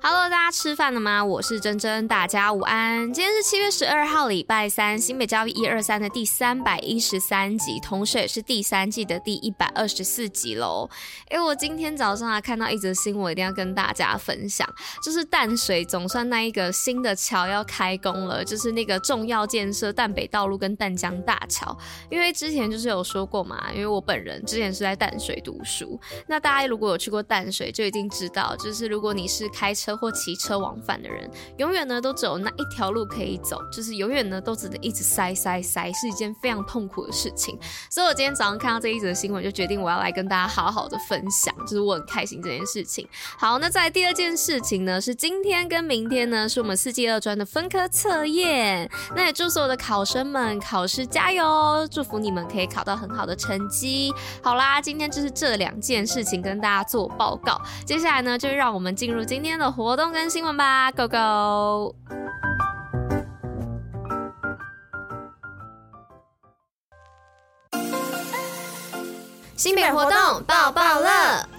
Hello，大家吃飯了嗎？我是珍珍，大家午安。今天是七月十二號，禮拜三，新北教育一二三的第三百一十三集，同時也是第三季的第一百二十四集嘍。因、欸、為我今天早上啊看到一則新聞，我一定要跟大家分享，就是淡水總算那一個新的橋要開工了，就是那個重要建設淡北道路跟淡江大橋。因為之前就是有說過嘛，因為我本人之前是在淡水讀書，那大家如果有去過淡水，就已經知道，就是如果你是開車。車或騎車往返的人，永遠呢都只有那一條路可以走，就是永遠呢都只能一直塞塞塞，是一件非常痛苦的事情。所以我今天早上看到這一則新聞，就決定我要來跟大家好好的分享，就是我很開心這件事情。好，那在第二件事情呢，是今天跟明天呢，是我們四技二專的分科測驗。那也祝所有的考生們考試加油，祝福你們可以考到很好的成績。好啦，今天就是這兩件事情跟大家做報告，接下來呢，就讓我們進入今天的。活動跟新聞吧，Go Go！新北活動報報樂。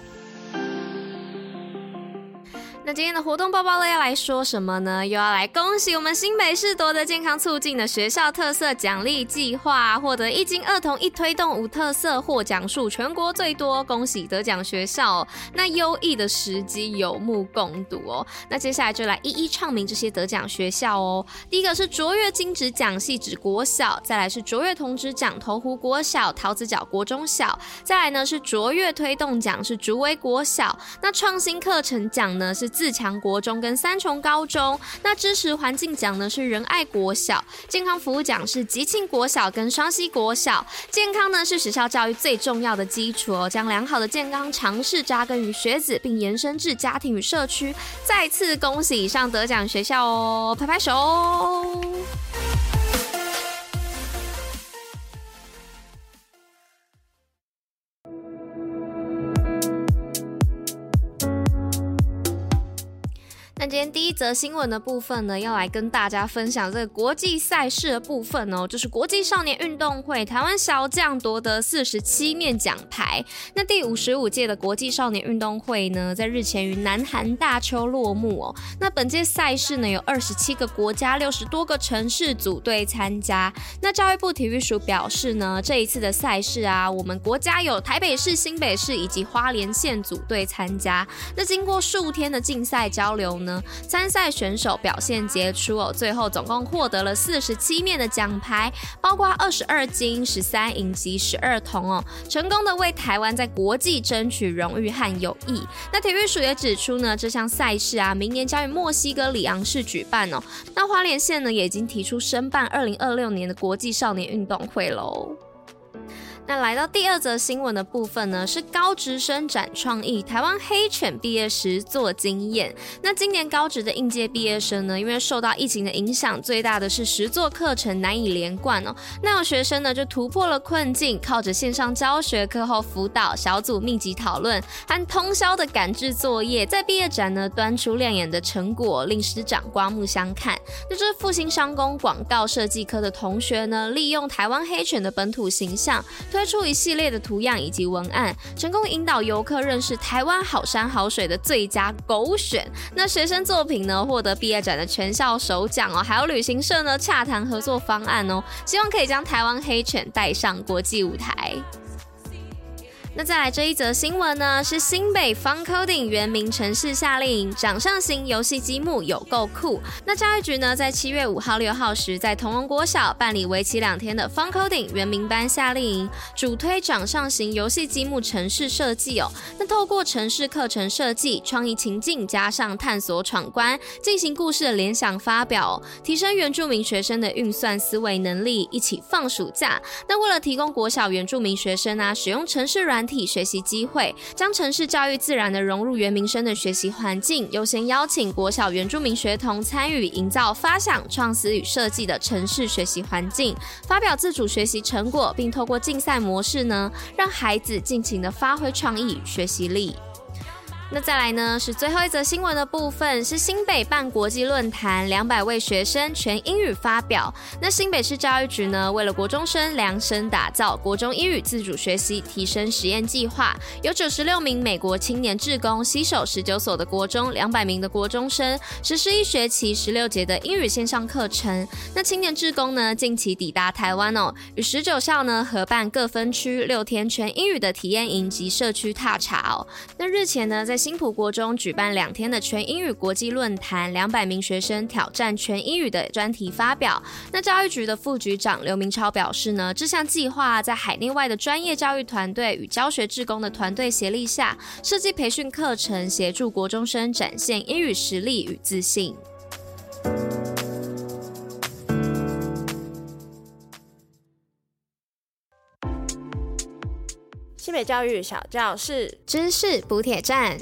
那今天的活動報報樂，要來說什麼呢？又要來恭喜我們新北市奪得健康促進的學校特色獎勵計劃，獲得一金二銅一推動五特色獲獎數全國最多，恭喜得獎學校哦！那優異的實績有目共睹哦。那接下來就來一一唱名這些得獎學校哦。第一個是卓越金質獎，汐止國小；再來是卓越銅質獎，頭湖國小、桃子腳國中小；再來呢是卓越推動獎，是竹圍國小。那創新課程獎呢是。自強國中跟三重高中，那支持環境獎呢是仁愛國小，健康服務獎是吉慶國小跟雙溪國小。健康呢是學校教育最重要的基礎哦，將良好的健康常識扎根於學子，並延伸至家庭與社區。再次恭喜以上得獎學校哦，拍拍手哦。那今天第一則新聞的部分呢，要來跟大家分享這個國際賽事的部分哦，就是國際少年運動會，台灣小將奪得四十七面獎牌。那第五十五屆的國際少年運動會呢，在日前於南韓大邱落幕哦。那本屆賽事呢，有二十七個國家、六十多個城市組隊參加。那教育部體育署表示呢，這一次的賽事啊，我們國家有台北市、新北市以及花蓮縣組隊參加。那經過數天的競賽交流呢，參賽選手表現傑出哦，最後總共獲得了四十七面的獎牌，包括二十二金、十三銀及十二銅哦，成功的為台灣在國際爭取榮譽和友誼。那體育署也指出呢，這項賽事啊，明年將於墨西哥里昂市舉辦哦。那花蓮縣呢，也已經提出申辦二零二六年的國際少年運動會嘍。那來到第二則新聞的部分呢，是高職生展創意，台灣黑犬畢業實作驚豔。那今年高職的應屆畢業生呢，因為受到疫情的影響，最大的是實作課程難以連貫哦。那有學生呢就突破了困境，靠着線上教學、課後輔導、小組密集討論，和通宵的趕製作業，在畢業展呢端出亮眼的成果，令師長刮目相看。那這復興商工廣告設計科的同學呢，利用台灣黑犬的本土形象，推出一系列的圖樣以及文案，成功引導遊客認識臺灣好山好水的最佳狗選。那學生作品呢，獲得畢業展的全校首獎哦，還有旅行社呢洽談合作方案哦，希望可以將臺灣黑犬帶上國際舞台。那再來這一則新聞呢？是新北 FUN Coding 原民程式夏令營，掌上型遊戲積木有夠酷。那教育局呢，在七月五號、六號時，在同鑼國小辦理為期兩天的 FUN Coding 原民班夏令營，主推掌上型遊戲積木程式設計哦。那透過程式課程設計、創意情境加上探索闖關，進行故事的聯想發表，提升原住民學生的運算思維能力，一起放暑假。那為了提供國小原住民學生啊，使用程式軟體學習機會，將程式教育自然地融入原民生的學習環境，優先邀請國小原住民學童參與，營造發想、創思與設計的程式學習環境，發表自主學習成果，並透過競賽模式呢，讓孩子盡情地發揮創意與學習力。那再來呢，是最後一則新聞的部分，是新北辦國際論壇，兩百位學生全英語發表。那新北市教育局呢，為了國中生量身打造國中英語自主學習提升實驗計劃，有九十六名美國青年志工，攜手十九所的國中，兩百名的國中生，實施一學期十六節的英語線上課程。那青年志工呢，近期抵達台灣哦，與十九校呢合辦各分區六天全英語的體驗營及社區踏查哦。那日前呢，在新埔國中舉辦兩天的全英語國際論壇，兩百名學生挑戰全英語的專題發表。那教育局的副局長劉明超表示呢，這項計劃在海內外的專業教育團隊與教學志工的團隊協力下，設計培訓課程，協助國中生展現英語實力與自信。教育小教室，知識補帖站。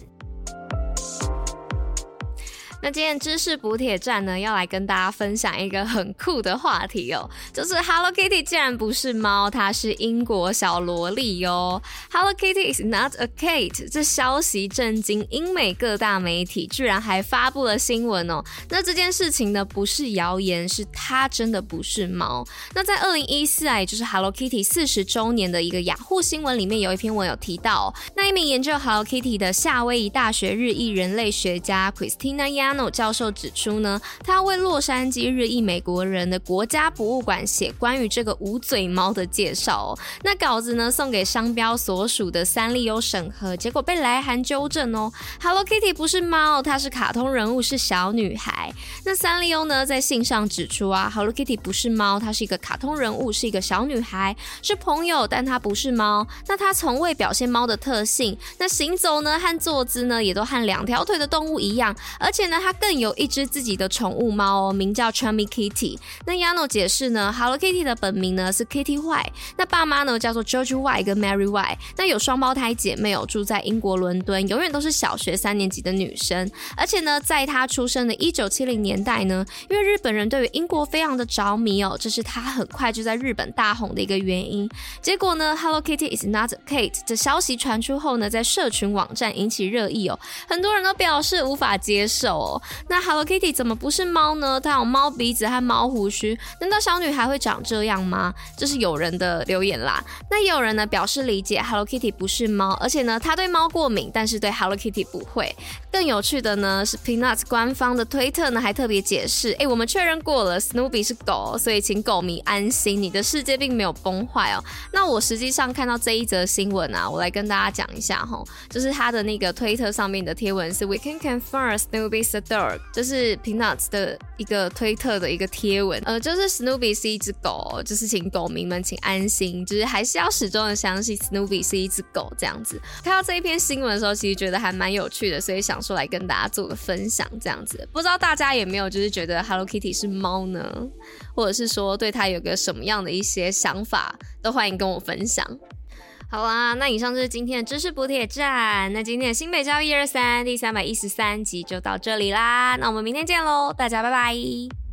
那今天知識補帖站呢，要來跟大家分享一個很酷的話題哦，就是 Hello Kitty 竟然不是貓，它是英國小蘿莉喲、哦。Hello Kitty is not a cat 這消息震驚英美各大媒體，居然還發布了新聞哦。那這件事情呢，不是謠言，是它真的不是貓。那在二零一四啊，也就是 Hello Kitty 四十周年的一個雅虎、ah、新聞裡面，有一篇文有提到、哦，那一名研究 Hello Kitty 的夏威夷大學日裔人類學家 Christina Yam 教授指出呢，他為洛杉磯日裔美國人的國家博物館寫關於這個無嘴貓的介紹哦，那稿子呢送給商標所屬的三麗鷗審核，結果被來函糾正哦。Hello Kitty 不是貓，它是卡通人物，是小女孩。那三麗鷗呢在信上指出啊，Hello Kitty 不是貓，它是一個卡通人物，是一個小女孩，是朋友，但它不是貓。那它從未表現貓的特性。那行走呢和坐姿呢也都和兩條腿的動物一樣，而且呢。他更有一隻自己的寵物貓哦，名叫 Chummy Kitty。那 Yano 解釋呢，Hello Kitty 的本名呢是 Kitty White。那爸媽呢叫做 George White 跟 Mary White。那有雙胞胎姐妹哦，住在英國倫敦，永遠都是小學三年級的女生。而且呢，在她出生的一九七零年代呢，因為日本人對於英國非常的着迷哦，這是她很快就在日本大紅的一個原因。結果呢，Hello Kitty is not a Kate 的消息傳出後呢，在社群網站引起熱議哦，很多人都表示無法接受哦。那 Hello Kitty 怎麼不是貓呢？它有貓鼻子和貓鬍鬚，難道小女孩會長這樣嗎？這是有人的留言啦。那也有人呢表示理解，Hello Kitty 不是貓，而且呢，他對貓過敏，但是對 Hello Kitty 不會。更有趣的呢是，Peanuts 官方的推特呢還特別解釋：哎、欸，我們確認過了，Snoopy 是狗，所以請狗迷安心，你的世界並沒有崩壞哦。那我實際上看到這一則新聞啊，我來跟大家講一下哈，就是它的那個推特上面的貼文是：We can confirm Snoopy is Dog, 就是 Peanuts 的一個推特的一個貼文，呃，就是 Snoopy 是一隻狗，就是請狗民們請安心，就是還是要始終的相信 Snoopy 是一隻狗這樣子。看到這一篇新聞的時候，其實覺得還蠻有趣的，所以想說來跟大家做個分享這樣子。不知道大家有沒有就是覺得 Hello Kitty 是貓呢，或者是說對它有個什麼樣的一些想法，都歡迎跟我分享。好啦，那以上就是今天的知識補帖站。那今天的新北教育一二三第三百一十三集就到這裡啦。那我們明天見嘍，大家拜拜。